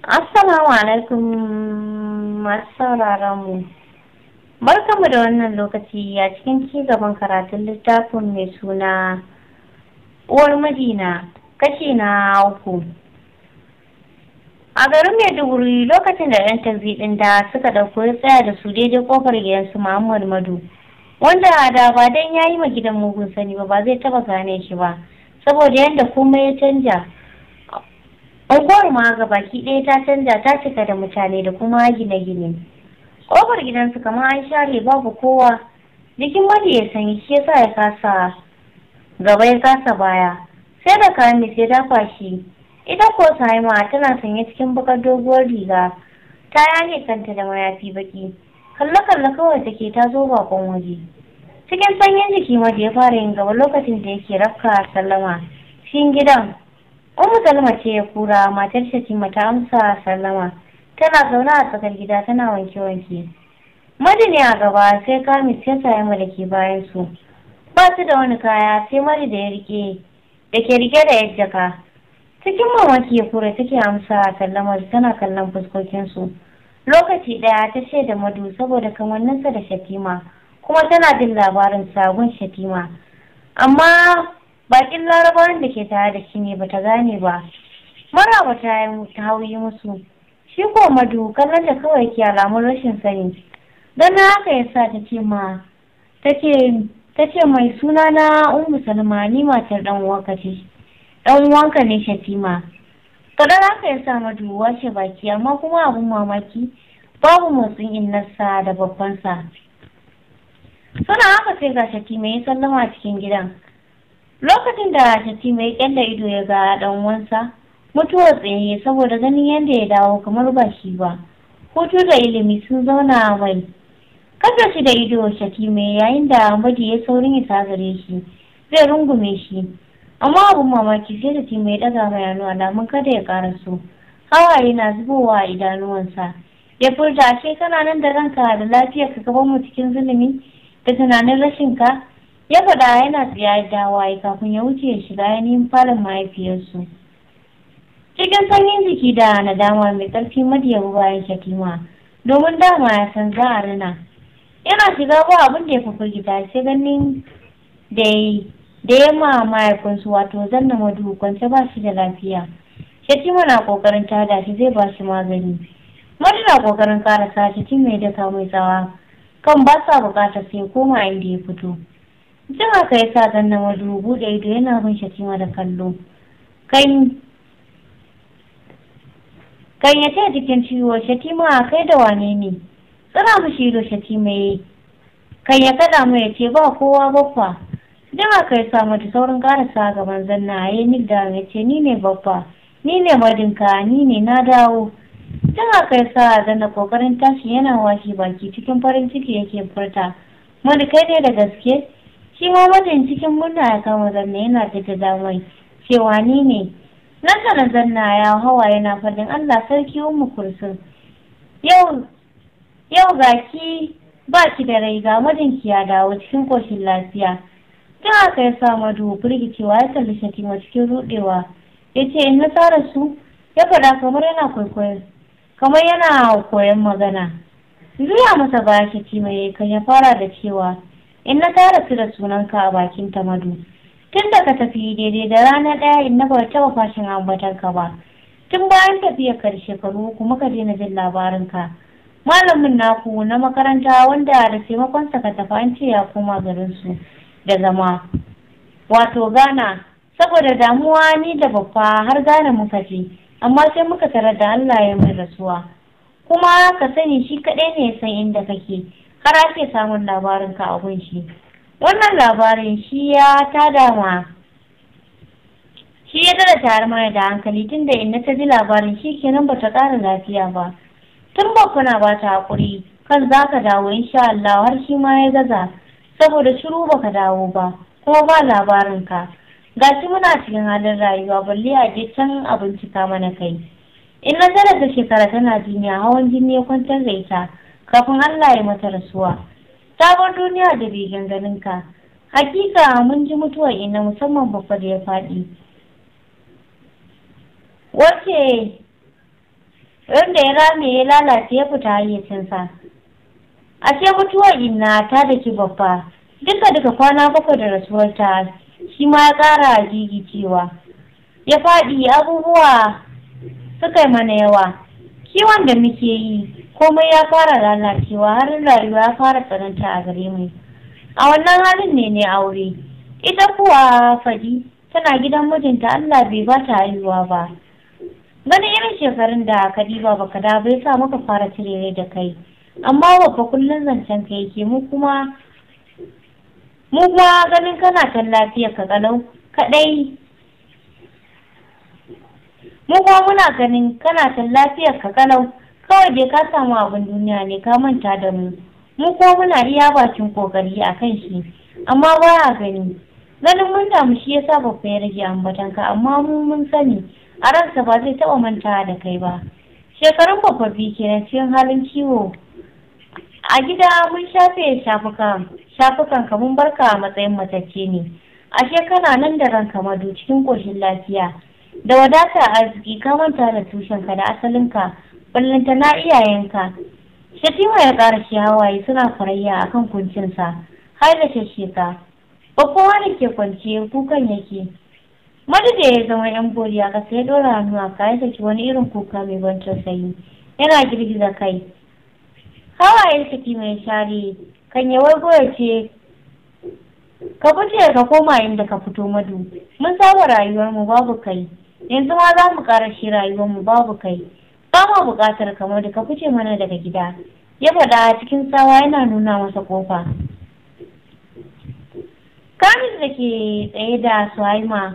Assalamu alaikum masu sauraron mu. Barkamu da wannan lokaci a cikin ci gaban karatun littafin mai suna Uwar Madina kashi na uku. A garin Maiduguri lokacin da 'yan taxi ɗin da suka ɗauko ya tsaya da su daidai ƙofar gidansu Muhammad Madu. Wanda da ba dan ya yi ma gidan mugun sani ba ba zai taɓa gane shi ba saboda yadda komai ya canja. Unguwar ma ga baki ɗaya ta canja ta cika da mutane da kuma gine-gine. Ƙofar gidansu kamar an share babu kowa. Jikin wani ya sanyi shi yasa ya kasa gaba ya kasa baya. Sai da kayan sai dafa shi. Ita ko Sa'ima tana sanye cikin bakar doguwar riga. Ta yane kanta da mayafi baki. Kalle-kalle kawai take ta zo bakon waje. Cikin sanyin jiki mali ya fara yin gaba lokacin da yake rafka sallama. Cikin gidan Umu Salma ce ya kura matar Shatima ta amsa sallama. Tana zaune a tsakar gida tana wanke-wanke. Madini a gaba sai kamis ya sayi mu da ke bayan su. Ba su da wani kaya sai mari da ya rike da ke rike da yadda ka. Cikin mamaki ya kura take amsa sallamar tana kallon fuskokinsu. Lokaci ɗaya ta ce da madu saboda kamanninsa da Shatima kuma tana jin labarin sabon Shatima. Amma bakin larabawan da ke tare da shi ne bata gane ba maraba ta yi ta hauyi musu shi ko madu kallon da kawai ke alamun rashin sani don na haka ya sa ta ce mai suna na ummu salma ni matar dan uwanka ce dan uwanka ne shatima don haka ya sa madu wace baki amma kuma abin mamaki babu motsin innarsa da babbansa suna haka sai ga shatima ya sallama cikin gidan lokacin da shatima ya kyalla ido ya ga dan wansa mutuwar tsaye saboda ganin yadda ya dawo kamar ba shi ba hutu da ilimi sun zauna mai kada shi da ido shatima yayin da madi ya saurin isa gare shi zai rungume shi amma abin mamaki sai shatima ya daga mai hannu alamun kada ya kara su. hawaye na zubowa a idanuwansa ya furta ashe kana nan da ranka da lafiyar ka gaban mu cikin zulumi da tunanin rashinka ya faɗa yana da dawaye kafin ya wuce ya shiga yanayin falon mahaifiyarsu cikin sanyin jiki da nadama mai ƙarfi madiya bayan shatima domin dama ya san za a rina yana shiga ba abin da ya fi firgita sai ganin da ya yi da ya ma mahaifinsu wato zanna madu kwance ba shi da lafiya shatima na kokarin tada shi zai ba shi magani madu na kokarin karasa cin mai daka mai tsawa kan ba sa bukatar sai koma inda ya fito jin ka yi sa wajen rubu da ido yana bin shatima da kallo kan kan ya ce jikin ciwo shatima kai da wane ne tsira mishi ido shatima ya yi kan ya kada mu ya ce ba kowa baffa jin ka ya sa mata saurin karasa gaban zanna ya yi da ya ce ni ne baffa ni ne madinka ni ne na dawo jin ka ya sa zanna kokarin tashi yana washe baki cikin farin ciki yake furta Mani kai ne da gaske shi ma majin cikin murna ya kama zanna yana da gida cewa ni ne na sana zanna ya hawa yana fadin Allah sarki ummu kursun yau yau ki ba ki da rai ga mijinki ya dawo cikin koshin lafiya ta haka ya sa madu cewa ya kalli shatima cikin rudewa ya ce in na tsara su ya faɗa kamar yana kwaikwayon kamar yana koyon magana zuwa masa baya shatima ya kan ya fara da cewa in na ta rasu da sunanka a bakin ta madu tun da ka tafi daidai da rana ɗaya inna ba taɓa fashin ka ba tun bayan tafiya ka shekaru kuma ka daina jin labarinka malamin naku na makaranta wanda da sa ka tafi an ce ya koma garinsu da zama wato gana saboda damuwa ni da babba har gane muka je amma sai muka tarar da Allah ya mai rasuwa kuma ka sani shi kaɗai ne ya san inda kake har ake samun labarin ka a shi wannan labarin shi ya tada ma shi ya tada tare mana da hankali tun da inna ta ji labarin shi kenan ba ta ƙara lafiya ba tun ba kuna ba ta haƙuri kan za ka dawo insha Allah har shi ma ya gaza saboda shiru ba ka dawo ba kuma ba labarin ka gashi muna cikin halin rayuwa balle a je can a bincika mana kai in na ta shekara tana jiniya hawan jini ya kwantar da ita kafin Allah ya mata rasuwa. Ta bar duniya da begen ganinka. Hakika mun ji mutuwa ina musamman babba da ya faɗi. Wace wanda ya rame ya lalace ya fita hayyacinsa. Ashe mutuwa ina ta daki babba. Duka duka kwana bakwai da rasuwarta shi ma ya ƙara gigicewa. Ya faɗi abubuwa suka mana yawa. Kiwon da muke yi komai ya fara lalacewa har rayuwa ya fara tsananta a gare mu a wannan halin ne ne aure ita kuwa fadi tana gidan mijinta Allah bai ba ta haihuwa ba Gani irin shekarun da ka diba baka da bai sa maka fara tirere da kai amma babba kullum zancen ka yake mu kuma mu ganin kana kan lafiya ka kalau kadai mu kuma muna ganin kana kan lafiyar ka kalau kawai dai ka samu abin duniya ne ka manta da mu mu ko muna iya bakin kokari a kan shi amma ba a gani ganin mun damu shi yasa babba ya rage ambatanka amma mu mun sani a ransa ba zai taɓa manta da kai ba shekarun babba biyu kenan cikin halin ciwo a gida mun shafe shafukan ka mun barka a matsayin matacce ne a shekara nan da ranka Madu cikin koshin lafiya da wadatar arziki ka manta da tushenka da asalinka ballanta na iyayenka shatima ya ƙara shi hawaye suna farayya a kan kuncinsa har da shasheka ba kowa da ke kwance kukan yake madada ya zama yan bori a ƙasa ya hannu a kayan saki wani irin kuka mai ban tausayi yana girgiza kai Hawaye saki mai share kan ya wargo ce ka fice ka koma inda ka fito madu mun saba rayuwarmu babu kai yanzu ma za mu ƙara shi rayuwarmu babu kai ba ma buƙatar kamar da ka fice mana daga gida ya faɗa a cikin tsawa yana nuna masa kofa kamis da ke tsaye da suwaima,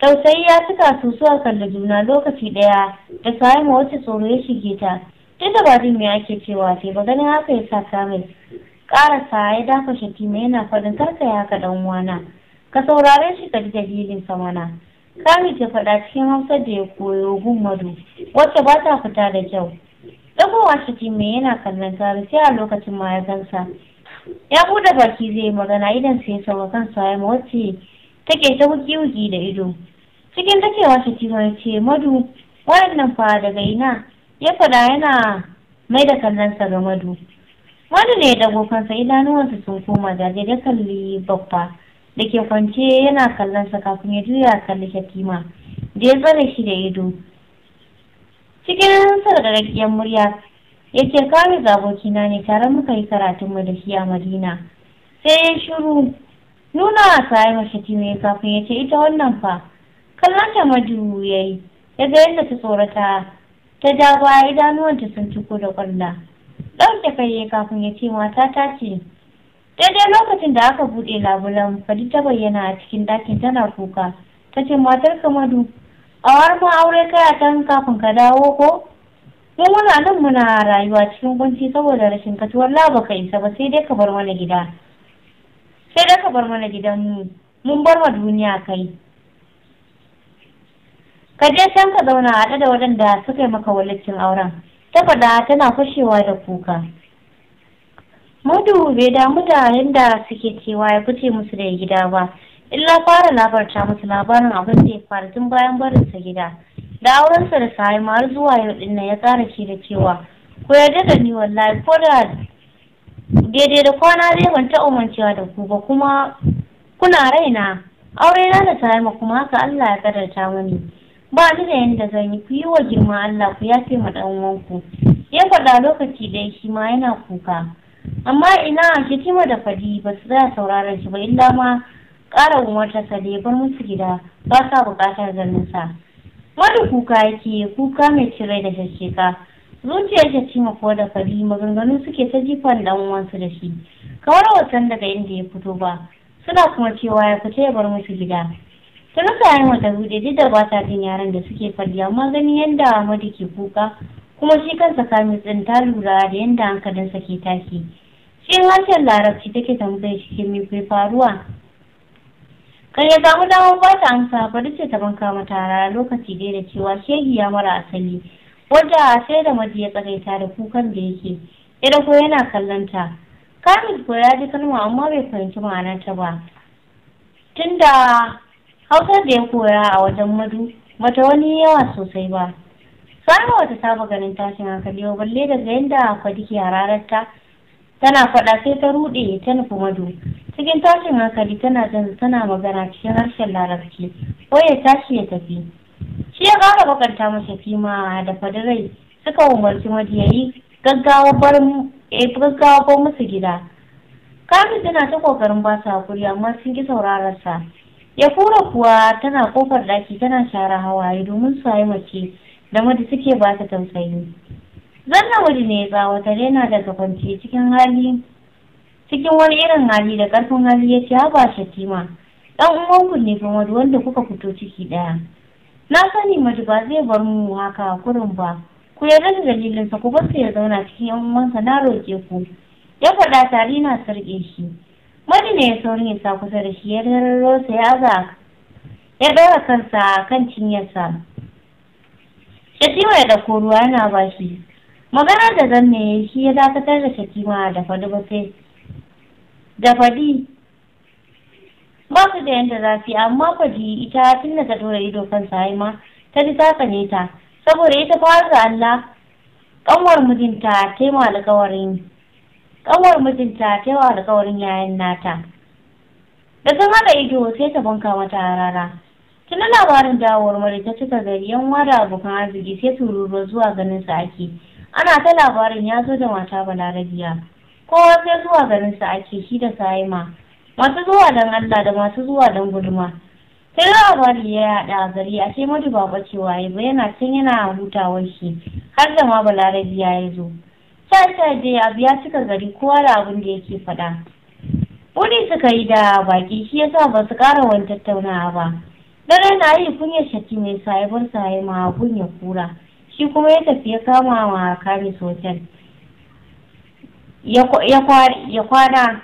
tausayi ya cika su suka kalli juna lokaci ɗaya da suwaima wacce tsoro ya shige ta duk da ba jin me ake cewa sai ba ganin haka ya sa kamis ƙarasa ya dafa shatima yana faɗin karka ya haka ɗan uwana ka saurare shi ka ji dalilin sa mana Khalid ya faɗa cikin Hausa da ya koyo gun madu. wacce ba ta fita da kyau. Dagowa shi mai yana kallon Khalid sai a lokacin ma ya gansa. buɗe baki zai magana idan sai sauwa sauka kansa ya wacce take ta wuki-wuki da ido. Cikin takewa shi mai ce madu wayannan fa daga ina ya faɗa yana mai da kallonsa ga madu. Madu ne ya dago kansa idanuwansa sun koma jaje da kalli babba. da ke kwance yana kallon sa kafin ya juya kalli shatima da ya tsare shi da ido cikin sarƙaƙƙiyar murya ya ce kawai abokina ne tare muka yi karatunmu da shi a madina sai ya shiru nuna a mashi mace ya kafin ya ce ita wannan fa kallon ta madu ya yi ya ga yadda ta tsorata ta ja baya idanuwanta sun ciko da ƙwalla ɗauke kai ya kafin ya ce mata ta ce daidai lokacin da aka buɗe labulan fadi ta bayyana a cikin ɗakin tana kuka ta ce matar kamadu a war ma aure kaya tan kafin ka dawo ko mun muna nan muna rayuwa cikin kunci saboda rashin katuwar laba ka isa ba sai dai ka bar mana gida sai dai ka bar mana gidan mu mun bar ma duniya kai ka je can ka zauna a da waɗanda suka yi maka walaccin auren ta faɗa tana fashewa da kuka Madu bai damu da yadda suke cewa ya fice musu da gida ba, illa fara labarta musu labarin abin da ya faru tun bayan barinsa gida. Da aurensa da Sa'ima har zuwa yau din ya tsara shi da cewa ku yarda da ni wallahi ko da daidai da kwana zai ban ta umarciwa da ku ba kuma kuna raina aure na da Sa'ima kuma haka Allah ya kadarta mani. Ba ni da yadda zan yi ku yi wa girma Allah ku yafe ma ɗan uwanku. Ya faɗa lokaci ɗaya shi ma yana kuka. amma ina fitima da fadi ba su tsaya sauraron shi ba inda ma ƙara umar ta ya bar musu gida ba sa buƙatar ganin sa wani kuka yake kuka mai cire da shasheka zuciyar shatima ko da fadi maganganu suke ta jifan dan uwansu da shi kawar wasan daga inda ya fito ba suna kuma cewa ya fita ya bar musu gida ta rasa yin wata hude duk da ba ta jin yaran da suke fadi amma ganin yadda Amadu ke kuka kuma shi kansa kamis tsinta ta lura da yadda hankalinsa ke tashi cikin harshen larabci take tambayar shi ke mai faruwa kan ya samu damar ba ta amsa bari ce ta banka mata rana lokaci dai da cewa shehi ya mara asali wadda sai da maji ya tsagaita da kukan da yake ita ko yana kallon ta kamil ko ya ji kalma amma bai fahimci ma'anar ta ba tunda hausar da ya koya a wajen madu bata wani yawa sosai ba Farma wata saba ganin tashin hankali ba balle daga yadda kwadi ke hararta tana faɗa sai ta ruɗe ta nufi mado. Cikin tashin hankali tana jan tana magana cikin harshen larabci ko ya tashi ya tafi. Shi ya ƙara bakanta masa fima da fadirai suka umarci madi ya yi gaggawa bar musu gida. Kamin tana ta kokarin ba su hakuri amma sun ki saurararsa. Ya fura kuwa tana kofar ɗaki tana share hawaye domin su haimace. da madu suke ba ta tausayi zanna wuri ne tsawo ta rena daga kwanci cikin hali cikin wani irin hali da ƙarfin hali ya ce haba shatima ɗan uwanku ne fa wanda kuka fito ciki ɗaya. na sani matu ba zai bar mu haka kurin ba ku yarda da dalilinsa ku bar ya zauna cikin yan uwansa na roƙe ku ya faɗa tari na sarƙe shi madina ya saurin ya sa kusa da shi ya ya ya ɗora kansa kan cinyarsa Shatima da koruwa ruwa yana ba shi. Maganar da zan me shi ya dakatar da Shatima da fadi ba sai. Da fadi. ba su da yadda za su yi amma fadi ita tun da ta tura ido kan Sa'ima ta ji ta ta saboda ita fara Allah ƙanwar mijinta ta yi alƙawarin ƙanwar mijinta yayan nata. Da sun haɗa ido sai ta bunka mata rara. Tuna labarin dawowar mari ta cika gari yan da abokan arziki sai tururuwa zuwa ganin sa ake. Ana ta labarin ya zo da mata balarabiya. Kowa sai zuwa ganin sa ake shi da sa'ima. Masu zuwa dan Allah da masu zuwa don guduma. Sai labari ya yaɗa a gari a ce madu ba bacewa ya yana cin yana hutawar shi har da ma balarabiya ya zo. Sai sai dai abu ya cika gari kowa da abin da yake faɗa. Wuri suka yi da baki shi yasa ba su ƙara wani tattaunawa ba. dare na yi kunya shaki ne sai sahi ma kunya kura shi kuma ya tafi ya kama ma kamis hotel ya kwana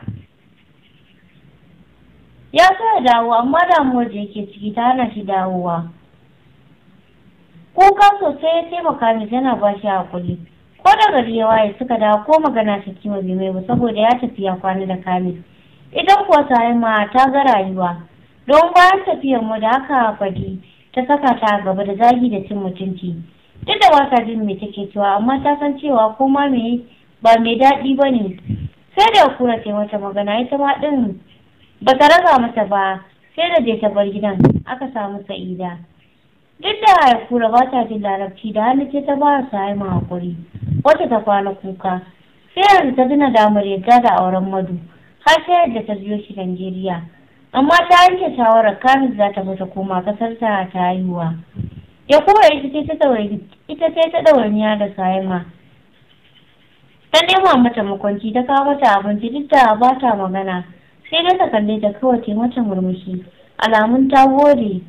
ya so ya dawo amma damuwar da yake ciki ta hana shi dawowa kuka sosai ya taimaka mai yana ba shi hakuri ko da gari ya waye suka dawo ko magana su kima bai mai ba saboda ya tafi ya kwana da kamis idan kuwa sai ma ta ga rayuwa don bayan tafiyar mu da aka fadi ta saka ta gaba da zagi da cin mutunci duk da ba ta jin me take cewa amma ta san cewa ko ma me ba mai daɗi ba ne sai da kura ta mata magana ita ma ɗin ba ta raga mata ba sai da je ta bar gidan aka samu sa'ida duk da ya kura ba ta jin larabci da hannu ce ta ba su haima hakuri wata ta kwana kuka sai yanzu ta tuna damar yadda da auren madu har sai yadda ta biyo shi Najeriya. amma ta yanke shawarar kamis za ta mata koma kasar ta ta haihuwa ya kuma ita ce ta ɗawainiya da sayama ta nema mata makwanci ta kawo mata abinci duk da ba ta magana sai dai ta kalle ta kawai mata murmushi alamun ta gode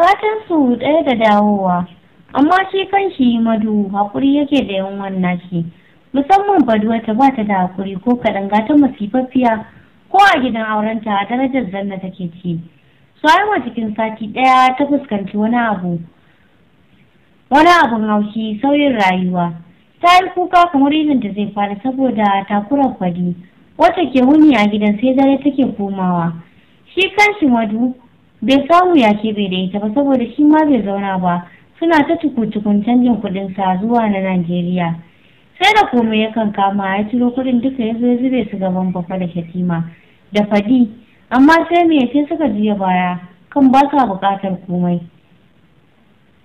fatan su ɗaya da dawowa amma shi kan shi madu hakuri yake da yan wannan shi musamman baduwa ta ba ta da hakuri ko kaɗan gata masifaffiya ko a gidan aurenta darajar zanna take ci su Suhaima cikin sati ɗaya ta fuskanci wani abu wani abun haushi sauyin rayuwa ta yi kuka kamar da zai fara saboda takurar kwadi wata ke wuni a gidan sai dare take komawa shi kanshi madu bai samu ya ke bai da ita ba saboda shi ma bai zauna ba suna ta tukutukun canjin kuɗin sa zuwa na Najeriya sai da komai yakan kama ya ciro kuɗin duka ya zo zube su gaban bafa da shatima da fadi amma sai me sai suka juya baya kan ba sa buƙatar komai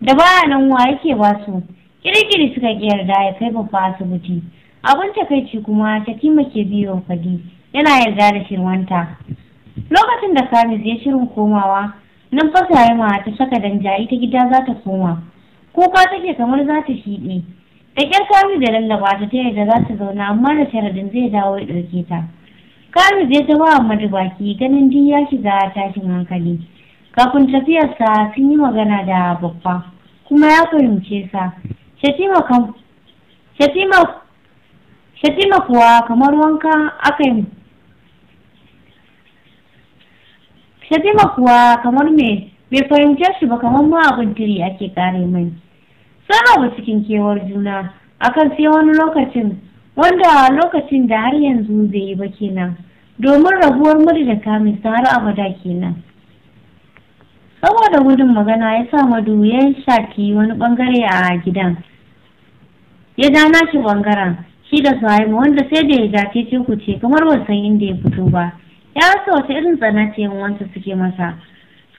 da baya nan wa yake ba su kirkiri suka yarda ya kai babba asibiti abin takaici kuma takima ke biyo fadi yana yarda da shirwanta lokacin da sami ya shirin komawa nan fasa ya ma ta saka jari ta gida za ta koma kuka take kamar za ta shiɗe da ƙyar sami da lallaba ta ta yarda za ta zauna amma da sharadin zai dawo ya ɗauke ta Kamis ya ta wa Ahmadu baki ganin jin ya shiga tashin hankali. Kafin tafiyarsa sun yi magana da babba kuma ya fahimce sa. Shatima kuwa kamar wanka aka yi Shatima kuwa kamar me bai fahimce shi ba kamar ma abin tiri ake kare mai. Sana ba cikin kewar juna akan sai wani lokacin wanda lokacin da har yanzu zai yi ba kenan domin rabuwar muri da kamista har abada kenan saboda gudun magana ya sa madu ya shaki wani bangare a gidan ya ja shi bangaren shi da suhaima wanda sai da ya ja ce ku ce kamar ba san inda ya fito ba ya rasa wata irin tsana ce wanta suke masa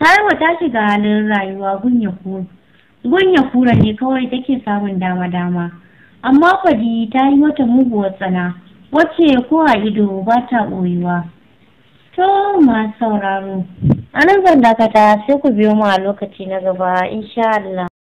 suhaima ta shiga halin rayuwa gunya kura ne kawai take samun dama-dama amma fadi ta yi mata muguwar tsana wacce ko a ido ba ta ɓoyewa. To masu sauraro, a nan zan dakata sai ku biyo mu a lokaci na gaba, insha Allah.